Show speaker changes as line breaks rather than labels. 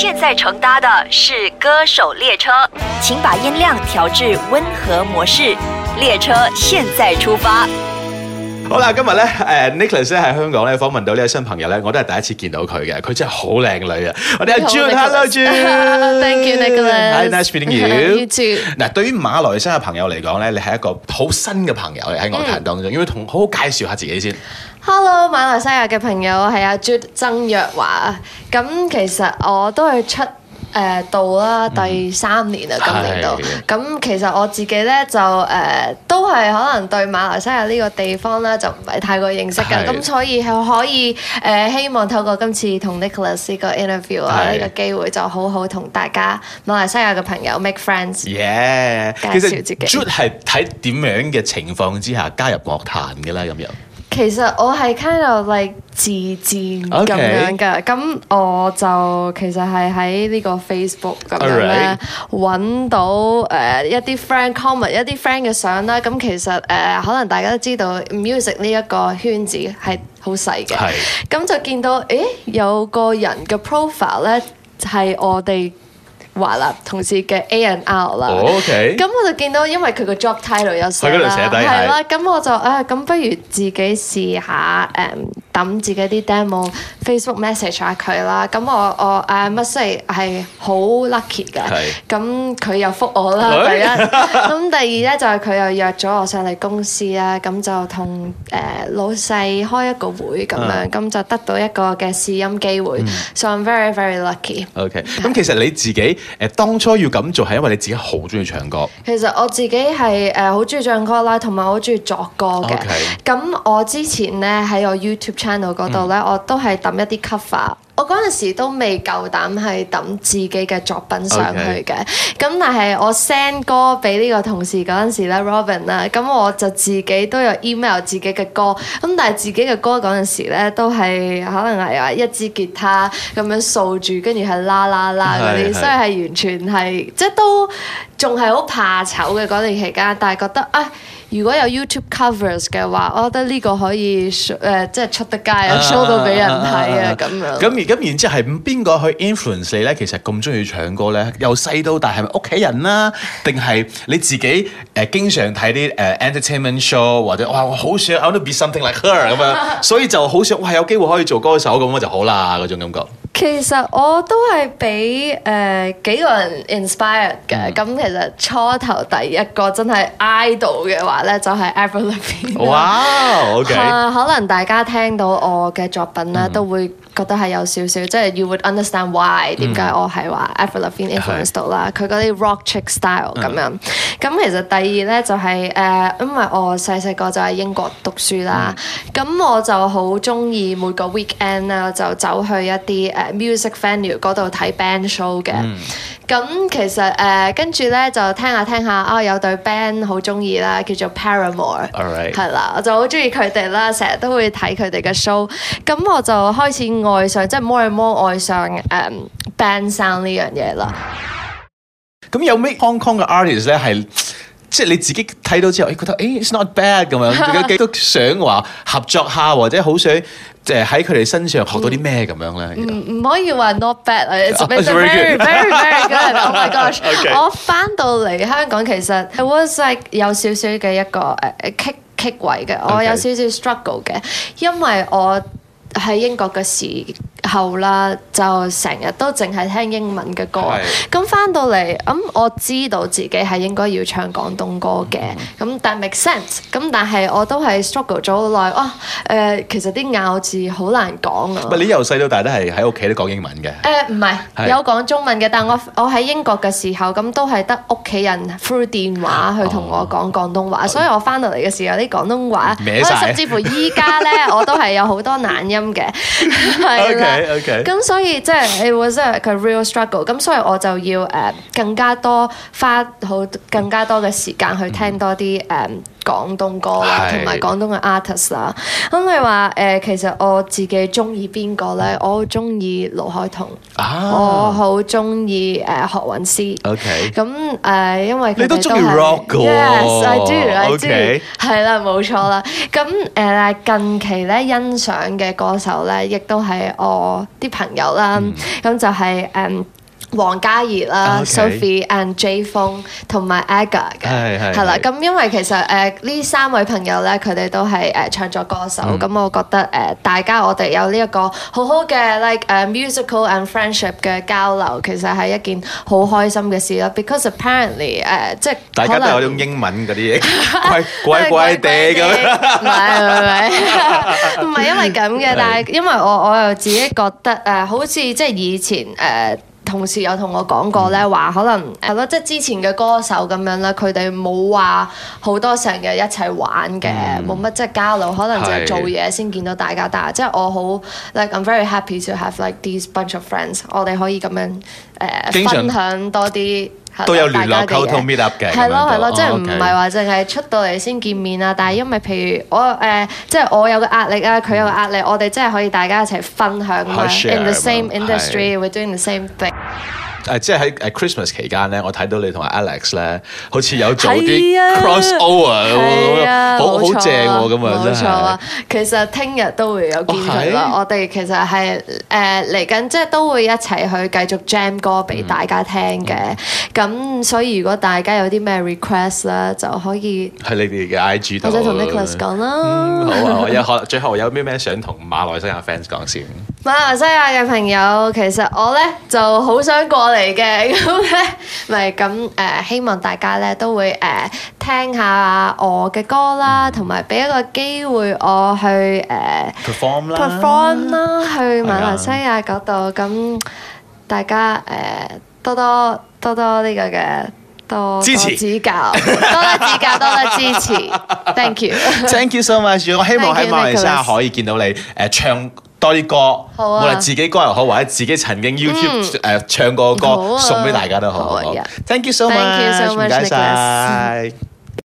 現在乘搭的是歌手列車，請把音量調至溫和模式，列車現在出發。
好啦，今日咧，誒 Nicholas 咧喺香港咧訪問到呢個新朋友咧，我都係第一次見到佢嘅，佢真係好靚女啊！我哋阿 Jude，Hello Jude，Thank
you，Nicholas，Hi, nice meeting you。
嗱，對於馬來西亞朋友嚟講咧，你係一個好新嘅朋友嚟喺樂壇當中，要同好好介紹下自己先。
Hello，馬來西亞嘅朋友，係阿 Jude 曾若華。咁其實我都係出。誒到啦，第三年啦，嗯、今年度。咁 其實我自己咧就誒、呃，都係可能對馬來西亞呢個地方咧，就唔係太過認識嘅。咁 所以係可以誒、呃，希望透過今次同 Nicholas 個 interview 啊，呢 是個機會就好好同大家馬來西亞嘅朋友 make friends。耶，介
紹自己。Jude 係睇點樣嘅情況之下加入樂壇嘅啦，咁樣。
其實我係 kinda like 自薦咁樣噶，咁 Okay. 我就其實係喺呢個 Facebook 咁樣咧揾到誒、uh, 一啲 friend comment 一啲 friend 嘅相啦。咁其實誒、uh, 可能大家都知道，music 呢一個圈子係好細嘅。咁 Yes. 就見到誒、欸、有個人嘅 profile 咧係我哋。話啦，同事嘅 A and R 啦，咁、oh, okay. 我就見到，因為佢個 job title 有寫啦，啦，咁了是我就啊，咁不如自己試下誒。Um, 咁自己啲 demo，Facebook message 下佢啦。咁我我誒 must 係好 lucky 㗎。咁佢又覆我啦。咁第二咧就係佢又約咗我上嚟公司啦。咁就同誒老細開一個會咁樣，咁就得到一個嘅試音機會。So I'm very very lucky。
OK，咁其實你自己誒當初要咁做係因為你自己好中意唱歌。
其實我自己係誒好中意唱歌啦，同埋好中意作歌嘅。咁我之前咧喺我 YouTube 出度咧，嗯，我都係抌一啲 cover。我嗰陣時都未夠膽去抌自己嘅作品上去嘅。咁 Okay. 但係我 send 歌俾呢個同事嗰陣時咧，Robin 啦，咁我就自己都有 email 自己嘅歌。咁但係自己嘅歌嗰陣時咧，都係可能係話一支吉他咁樣掃住，跟住係啦啦啦嗰啲，所以係完全係即係都仲係好怕醜嘅嗰段期間，但係覺得啊。哎如果有 YouTube covers 嘅話，我覺得呢個可以誒、呃、即係出得街啊、呃、show 到俾人睇啊，咁、ah，樣咁而
咁然之後係邊個去 influence 你咧？其實咁中意唱歌咧，由細到大係咪屋企人啦、啊？定係 你自己誒、呃、經常睇啲誒 entertainment show 或者哇，我好想 I wanna be something like her 咁樣 所以就好想哇有機會可以做歌手咁，我就好啦嗰種感覺。
其實我都係俾誒幾個人 inspired 嘅，咁、嗯、其實初頭第一個真係 idol 嘅話咧，就係、是、Avril Lavigne 可能大家聽到我嘅作品咧，嗯、都會覺得係有少少，即係 you would understand why 點解我係話 Avril Lavigne influence 到、嗯、啦，佢嗰啲 rock chick style 咁、嗯、樣。咁其實第二咧就係、是、誒、呃，因為我細細個就喺英國讀書啦，咁、嗯、我就好中意每個 weekend 啊，就走去一啲 Music venue 嗰度睇 band show 嘅，咁、嗯、其實誒跟住咧就聽下聽下，啊、哦、有對 band 好鍾意啦，叫做 Paramore，係啦，我就好鍾意佢哋啦，成日都會睇佢哋嘅 show，咁我就開始愛上，即係 more and more 愛上誒、嗯、band sound 呢樣嘢啦。
咁有咩 Hong Kong 嘅 artist 咧係？即係你自己睇到之後，誒覺得誒、欸、it's not bad 咁樣，都想話合作下或者好想即誒喺佢哋身上學到啲咩咁樣咧。唔、嗯、
可以話 not bad it's very very very, very good。Oh my gosh！Okay. 我翻到嚟香港其實 was like 有少少嘅一個誒棘棘位嘅，我有少少 struggle 嘅，因為我喺英國嘅時 後啦，就成日都淨係聽英文嘅歌，咁翻到嚟，咁我知道自己係應該要唱廣東歌嘅，咁、mm hmm. that makes sense 咁但係我都係 struggle 咗好耐，哦，誒，其實啲咬字好難講啊。呃、啊
你由細到大都係喺屋企都講英文嘅？
誒唔係，有講中文嘅，但我我喺英國嘅時候，咁都係得屋企人 through 電話去同我講廣東話，啊哦、所以我翻到嚟嘅時候啲廣東話，甚至乎依家咧我都係有好多懶音嘅，係 significant Okay，咁所以即係，it was a 佢 real struggle。咁所以我就要誒更加多花好更加多嘅時間去聽多啲誒，廣東歌啦，同埋廣東嘅 artist 啦。咁你話誒、呃，其實我自己中意邊個咧？我好中意盧凱彤，啊、我好中意誒何韻詩。OK，咁誒、呃，因為佢都係 rock，Yes，I do，I do，I do, Okay. I do. 係啦，冇錯啦。咁誒、呃、近期咧欣賞嘅歌手咧，亦都係我啲朋友啦。咁、嗯、就係、是、誒。Um, 王嘉儀啦，Sophie and Jay Fong 同埋 AGA 嘅係啦，咁因為其實誒呢三位朋友咧，佢哋都係誒唱作歌手，咁我覺得誒大家我哋有呢一個好好嘅 like musical and friendship 嘅交流，其實係一件好開心嘅事啦。Because apparently 誒即係，大家都係用
英文嗰啲嘢，怪怪怪哋咁，
係咪？唔係因為咁嘅，但係因為我我又自己覺得誒，好似即係以前誒。同事有同我講過咧，話、嗯、可能係咯，即係之前嘅歌手咁樣啦，佢哋冇話好多成日一齊玩嘅，冇乜即係交流，可能就係做嘢先見到大家。是、但係即係我好 like，I'm very happy to have like these bunch of friends。我哋可以咁樣誒、uh, 常、分享多啲。都有聯絡溝通
meet up 嘅，係咯係咯，即係唔係話
淨係出到嚟先見面啊？但係因為譬如我誒，即係我有個壓力啊，佢有個壓力，我哋真係可以大家一齊分享嘛。In the same industry, we're doing the same thing.
誒，即係喺 Christmas 期間咧，我睇到你同埋 Alex 咧，好似有做啲 cross over，好好正喎咁啊！真係。冇錯、啊、
其實聽日都會有見佢啦。哦啊、我哋其實係誒嚟緊，即係都會一齊去繼續 jam 歌俾大家聽嘅。咁、嗯、所以如果大家有啲咩 request 咧，就可以
喺你哋嘅 IG，或者同 Nicholas 講
啦。我有可能
最後有咩咩想同馬來西亞 fans 講先。
馬來西亞嘅朋友，其實我呢就好想過嚟嘅，咁呢，咪咁誒，希望大家呢都會誒聽下我嘅歌啦，同埋俾一個機會我去誒
perform 啦，perform 啦
去馬來西亞嗰度，咁大家誒多多多多呢個嘅多支持指教，多多指教，多多支持，thank you，thank you
so much，我希望喺馬來西亞可以見到你誒唱。多啲歌，我哋、啊、自己的歌又好，或者自己曾經 YouTube、嗯呃、唱過嘅歌、啊、送俾大家都好。Thank you so much，唔該晒。Nick less.